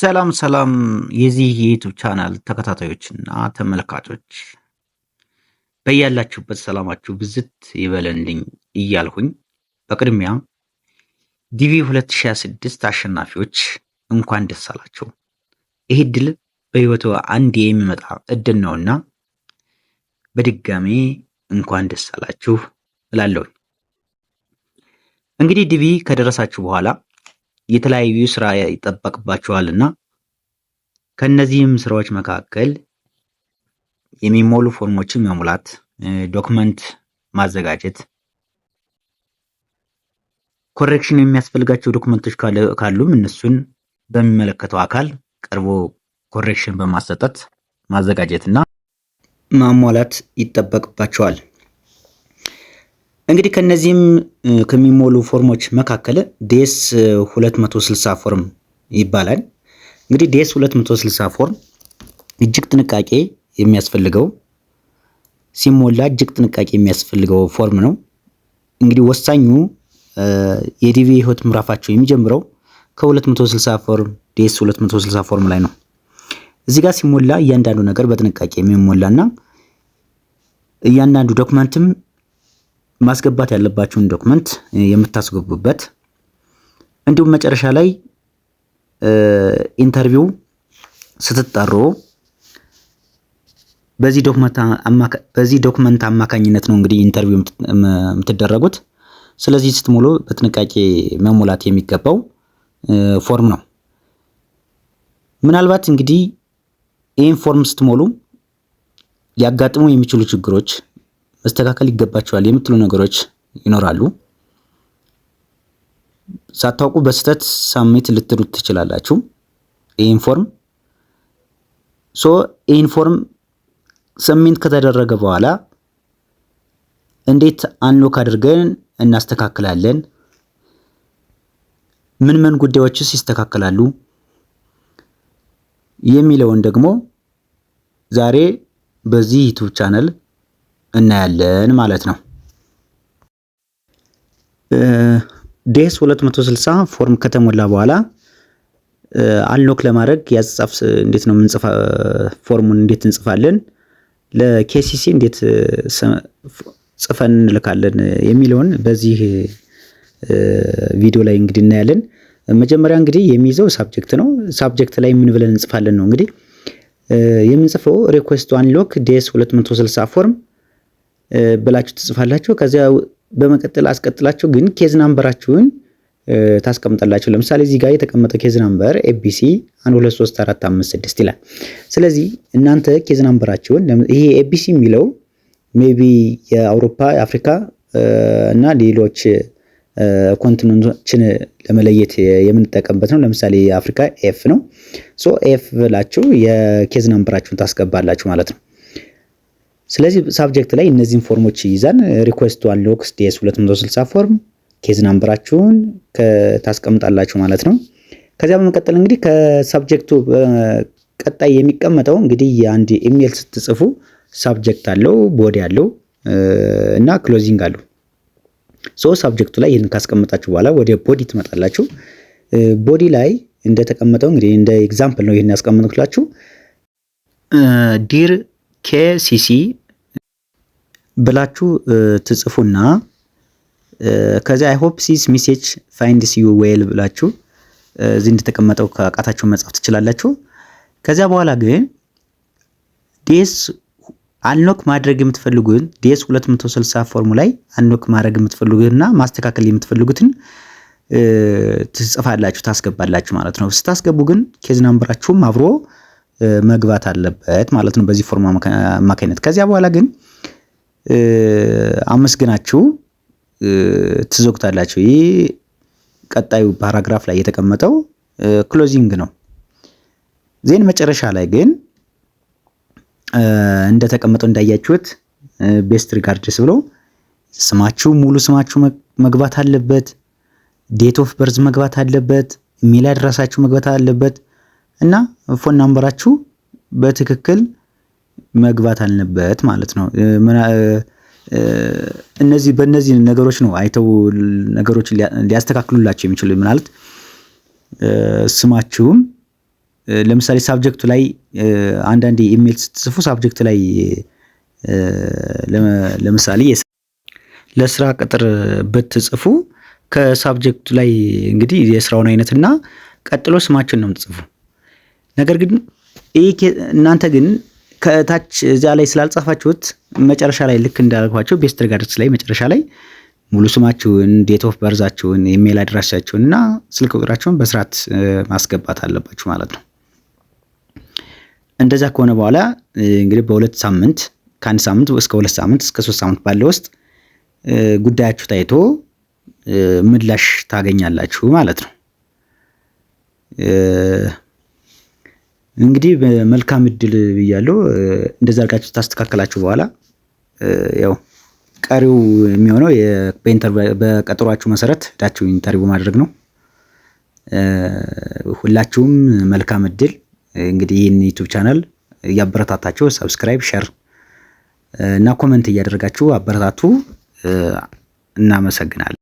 ሰላም ሰላም የዚህ የዩቱብ ቻናል ተከታታዮችና ተመልካቾች በያላችሁበት ሰላማችሁ ብዝት ይበለንልኝ እያልሁኝ በቅድሚያ ዲቪ 2026 አሸናፊዎች እንኳን ደስ አላቸው። ይህ ድል በህይወቱ አንድ የሚመጣ እድል ነውና በድጋሜ እንኳን ደስ አላችሁ እላለሁኝ። እንግዲህ ዲቪ ከደረሳችሁ በኋላ የተለያዩ ስራ ይጠበቅባቸዋል እና ስራዎች መካከል የሚሞሉ ፎርሞችን መሙላት፣ ዶክመንት ማዘጋጀት፣ ኮሬክሽን የሚያስፈልጋቸው ዶክመንቶች ካሉም እነሱን በሚመለከተው አካል ቀርቦ ኮሬክሽን በማሰጠት ማዘጋጀትና ማሟላት ይጠበቅባቸዋል። እንግዲህ ከነዚህም ከሚሞሉ ፎርሞች መካከል ዴስ 260 ፎርም ይባላል። እንግዲህ ዴስ 260 ፎርም እጅግ ጥንቃቄ የሚያስፈልገው ሲሞላ እጅግ ጥንቃቄ የሚያስፈልገው ፎርም ነው። እንግዲህ ወሳኙ የዲቪ ህይወት ምዕራፋቸው የሚጀምረው ከ260 ፎርም ዴስ 260 ፎርም ላይ ነው። እዚህ ጋር ሲሞላ እያንዳንዱ ነገር በጥንቃቄ የሚሞላና እያንዳንዱ ዶክመንትም ማስገባት ያለባችሁን ዶክመንት የምታስገቡበት እንዲሁም መጨረሻ ላይ ኢንተርቪው ስትጠሩ በዚህ ዶክመንት አማካኝነት ነው እንግዲህ ኢንተርቪው የምትደረጉት። ስለዚህ ስትሞሉ በጥንቃቄ መሙላት የሚገባው ፎርም ነው። ምናልባት እንግዲህ ይህን ፎርም ስትሞሉ ሊያጋጥሙ የሚችሉ ችግሮች መስተካከል ይገባቸዋል የምትሉ ነገሮች ይኖራሉ። ሳታውቁ በስህተት ሳሚት ልትሉት ትችላላችሁ። ኢንፎርም ሶ ኢንፎርም ሰሚንት ከተደረገ በኋላ እንዴት አንሎክ አድርገን እናስተካክላለን? ምን ምን ጉዳዮችስ ይስተካከላሉ የሚለውን ደግሞ ዛሬ በዚህ ዩቱብ ቻናል እናያለን ማለት ነው። ዴስ 260 ፎርም ከተሞላ በኋላ አንሎክ ለማድረግ ያጻፍ እንዴት ነው ምንጽፋ ፎርሙን እንዴት እንጽፋለን፣ ለኬሲሲ እንዴት ጽፈን እንልካለን የሚለውን በዚህ ቪዲዮ ላይ እንግዲህ እናያለን። መጀመሪያ እንግዲህ የሚይዘው ሳብጀክት ነው። ሳብጀክት ላይ ምን ብለን እንጽፋለን ነው እንግዲህ የምንጽፈው ሪኩዌስት አንሎክ ዴስ 260 ፎርም ብላችሁ ትጽፋላችሁ። ከዚያ በመቀጠል አስቀጥላችሁ ግን ኬዝ ናምበራችሁን ታስቀምጣላችሁ። ለምሳሌ እዚህ ጋር የተቀመጠው ኬዝ ናምበር ኤቢሲ 1 ይላል። ስለዚህ እናንተ ኬዝ ናምበራችሁን ይሄ ኤቢሲ የሚለው ሜቢ የአውሮፓ የአፍሪካ እና ሌሎች ኮንቲነንቶችን ለመለየት የምንጠቀምበት ነው። ለምሳሌ የአፍሪካ ኤፍ ነው። ሶ ኤፍ ብላችሁ የኬዝ ናምበራችሁን ታስገባላችሁ ማለት ነው። ስለዚህ ሳብጀክት ላይ እነዚህን ፎርሞች ይይዛል። ሪኩዌስት ዋን ሎክስ ዲኤስ 260 ፎርም ኬዝ ናምበራችሁን ታስቀምጣላችሁ ማለት ነው። ከዚያ በመቀጠል እንግዲህ ከሳብጀክቱ ቀጣይ የሚቀመጠው እንግዲህ የአንድ ኢሜል ስትጽፉ ሳብጀክት አለው፣ ቦዲ አለው እና ክሎዚንግ አለው። ሶ ሳብጀክቱ ላይ ይህን ካስቀምጣችሁ በኋላ ወደ ቦዲ ትመጣላችሁ። ቦዲ ላይ እንደተቀመጠው እንግዲህ እንደ ኤግዛምፕል ነው ይህን ያስቀምጥኩላችሁ ። ዲር ኬሲሲ ብላችሁ ትጽፉና ከዚያ አይ ሆፕ ሲስ ሚሴጅ ፋይንድስ ዩ ዌል ብላችሁ እዚህ እንደተቀመጠው ከቃታችሁ መጻፍ ትችላላችሁ። ከዚያ በኋላ ግን ዴስ አንሎክ ማድረግ የምትፈልጉት ዴስ 260 ፎርሙ ላይ አንሎክ ማድረግ የምትፈልጉትና ማስተካከል የምትፈልጉትን ትጽፋላችሁ ታስገባላችሁ ማለት ነው። ስታስገቡ ግን ኬዝ ናምበራችሁም አብሮ መግባት አለበት ማለት ነው በዚህ ፎርም አማካኝነት። ከዚያ በኋላ ግን አመስግናችሁ ትዘጉታላችሁ። ይህ ቀጣዩ ፓራግራፍ ላይ የተቀመጠው ክሎዚንግ ነው። ዜን መጨረሻ ላይ ግን እንደተቀመጠው እንዳያችሁት ቤስት ሪጋርድስ ብሎ ስማችሁ ሙሉ ስማችሁ መግባት አለበት። ዴት ኦፍ በርዝ መግባት አለበት። ኢሜል አድራሻችሁ መግባት አለበት። እና ፎን ናምበራችሁ በትክክል መግባት አለበት ማለት ነው። እነዚህ በእነዚህ ነገሮች ነው አይተው ነገሮችን ሊያስተካክሉላቸው የሚችሉ ማለት ስማችሁም ለምሳሌ ሳብጀክቱ ላይ አንዳንድ ኢሜል ስትጽፉ ሳብጀክት ላይ ለምሳሌ ለስራ ቅጥር ብትጽፉ ከሳብጀክቱ ላይ እንግዲህ የስራውን አይነትና ቀጥሎ ስማችን ነው የምትጽፉ ነገር ግን እናንተ ግን ከታች እዚያ ላይ ስላልጻፋችሁት መጨረሻ ላይ ልክ እንዳልኳቸው ቤስት ሪጋርድስ ላይ መጨረሻ ላይ ሙሉ ስማችሁን፣ ዴት ኦፍ በርዛችሁን፣ ኢሜይል አድራሻችሁን እና ስልክ ቁጥራችሁን በስርዓት ማስገባት አለባችሁ ማለት ነው። እንደዛ ከሆነ በኋላ እንግዲህ በሁለት ሳምንት ከአንድ ሳምንት እስከ ሁለት ሳምንት እስከ ሶስት ሳምንት ባለ ውስጥ ጉዳያችሁ ታይቶ ምላሽ ታገኛላችሁ ማለት ነው። እንግዲህ መልካም እድል ብያለሁ። እንደዛ አድርጋችሁ ታስተካከላችሁ በኋላ ያው ቀሪው የሚሆነው በቀጠሯችሁ መሰረት ሄዳችሁ ኢንተርቪው ማድረግ ነው። ሁላችሁም መልካም እድል። እንግዲህ ይህን ዩቱብ ቻናል እያበረታታችሁ ሰብስክራይብ፣ ሸር እና ኮመንት እያደረጋችሁ አበረታቱ። እናመሰግናለን።